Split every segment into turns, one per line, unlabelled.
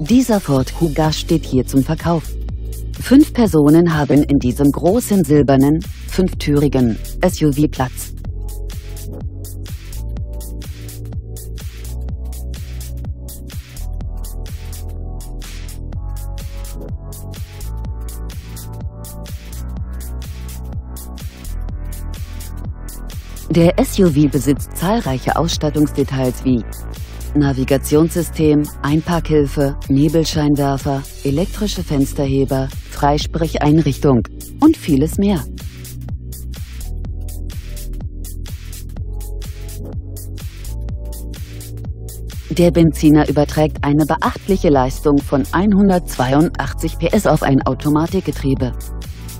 Dieser Ford Kuga steht hier zum Verkauf. Fünf Personen haben in diesem großen silbernen, fünftürigen SUV Platz. Der SUV besitzt zahlreiche Ausstattungsdetails wie Navigationssystem, Einparkhilfe, Nebelscheinwerfer, elektrische Fensterheber, Freisprecheinrichtung und vieles mehr. Der Benziner überträgt eine beachtliche Leistung von 182 PS auf ein Automatikgetriebe.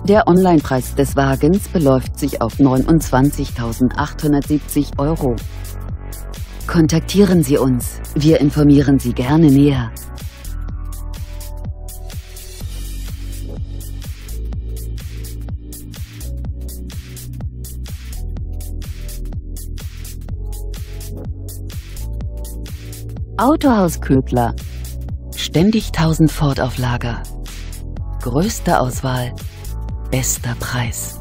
Der Onlinepreis des Wagens beläuft sich auf 29.870 Euro. Kontaktieren Sie uns, wir informieren Sie gerne näher. Autohaus Ködler. Ständig 1000 Ford auf Lager. Größte Auswahl, Bester Preis.